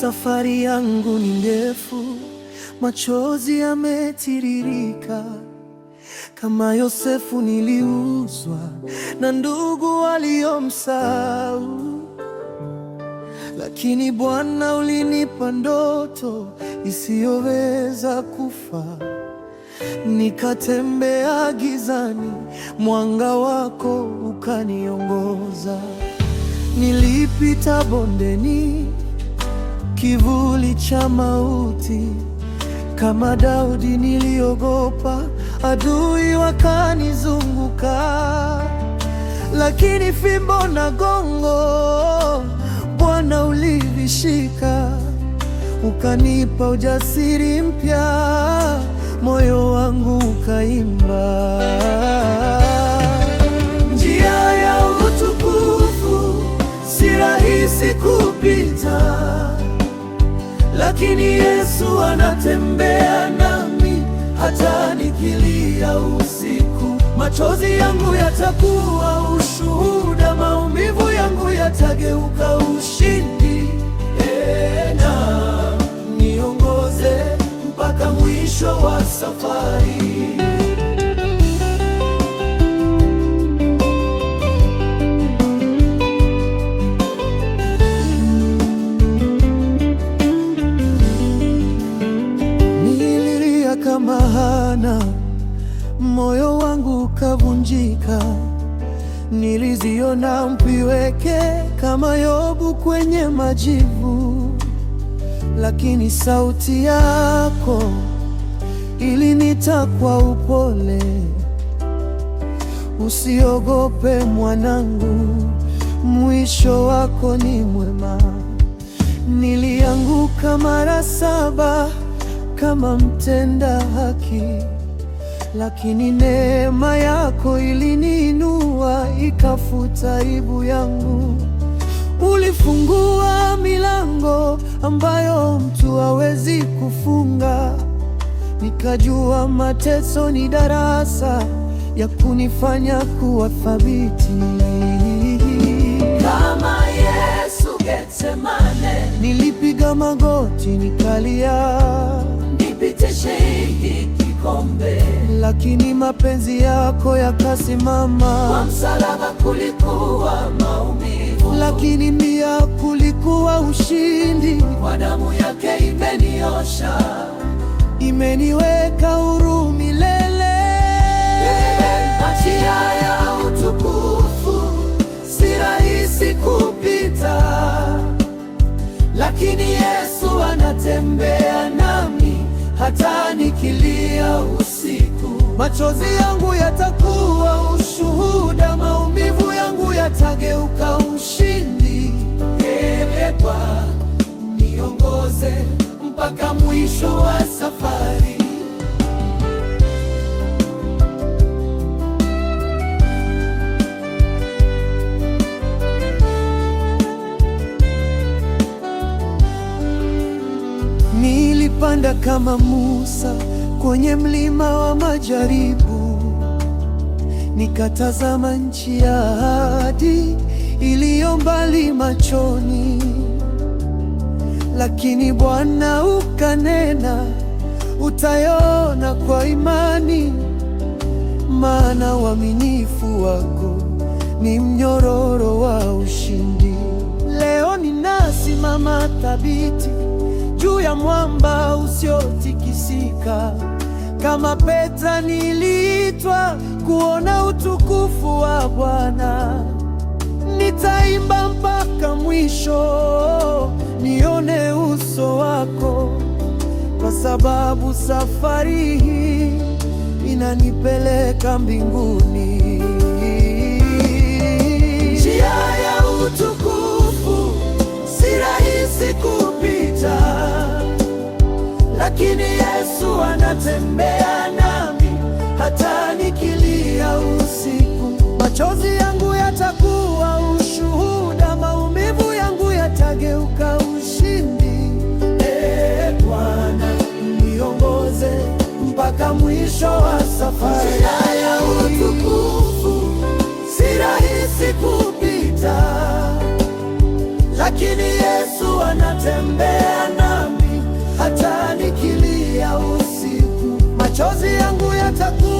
Safari yangu ni ndefu, machozi yametiririka. Kama Yosefu niliuzwa na ndugu waliomsahau, lakini Bwana ulinipa ndoto isiyoweza kufa. Nikatembea gizani, mwanga wako ukaniongoza. Nilipita bondeni kivuli cha mauti. Kama Daudi niliogopa, adui wakanizunguka, lakini fimbo na gongo Bwana ulivishika, ukanipa ujasiri mpya, moyo wangu ukaimba. lakini Yesu anatembea nami, hata nikilia usiku, machozi yangu yatakuwa ushuhuda, maumivu yangu yatageuka ushindi. Ena ee niongoze mpaka mwisho wa safari bila maana, moyo wangu ukavunjika. Niliziona mpiweke kama Yobu kwenye majivu, lakini sauti yako ilinita kwa upole, usiogope mwanangu, mwisho wako ni mwema. Nilianguka mara saba kama mtenda haki, lakini neema yako iliniinua ikafuta aibu yangu. Ulifungua milango ambayo mtu hawezi kufunga, nikajua mateso ni darasa ya kunifanya kuwa thabiti kama Yesu Getsemane. Nilipiga magoti nikalia niondoshe hiki kikombe, lakini mapenzi yako yakasimama. Kwa msalaba kulikuwa maumivu, lakini mia kulikuwa ushindi. Kwa damu yake imeniosha, imeniweka huru milele. hata nikilia usiku, machozi yangu yatakuwa ushuhuda, maumivu yangu yatageuka ushindi. Nitapanda kama Musa kwenye mlima wa majaribu, nikatazama nchi ya ahadi iliyo mbali machoni. Lakini Bwana ukanena, utayona kwa imani, maana uaminifu wako ni mnyororo wa ushindi. Leo ninasimama thabiti juu ya mwamba usiotikisika. Kama Petra niliitwa kuona utukufu wa Bwana, nitaimba mpaka mwisho, nione uso wako, kwa sababu safari hii inanipeleka mbinguni. Njia ya utukufu si rahisi kupi lakini Yesu anatembea nami hata nikilia usiku. Machozi yangu yatakuwa ushuhuda, maumivu yangu yatageuka ushindi. Ee Bwana, niongoze mpaka mwisho wa safari ya machozi yangu yataku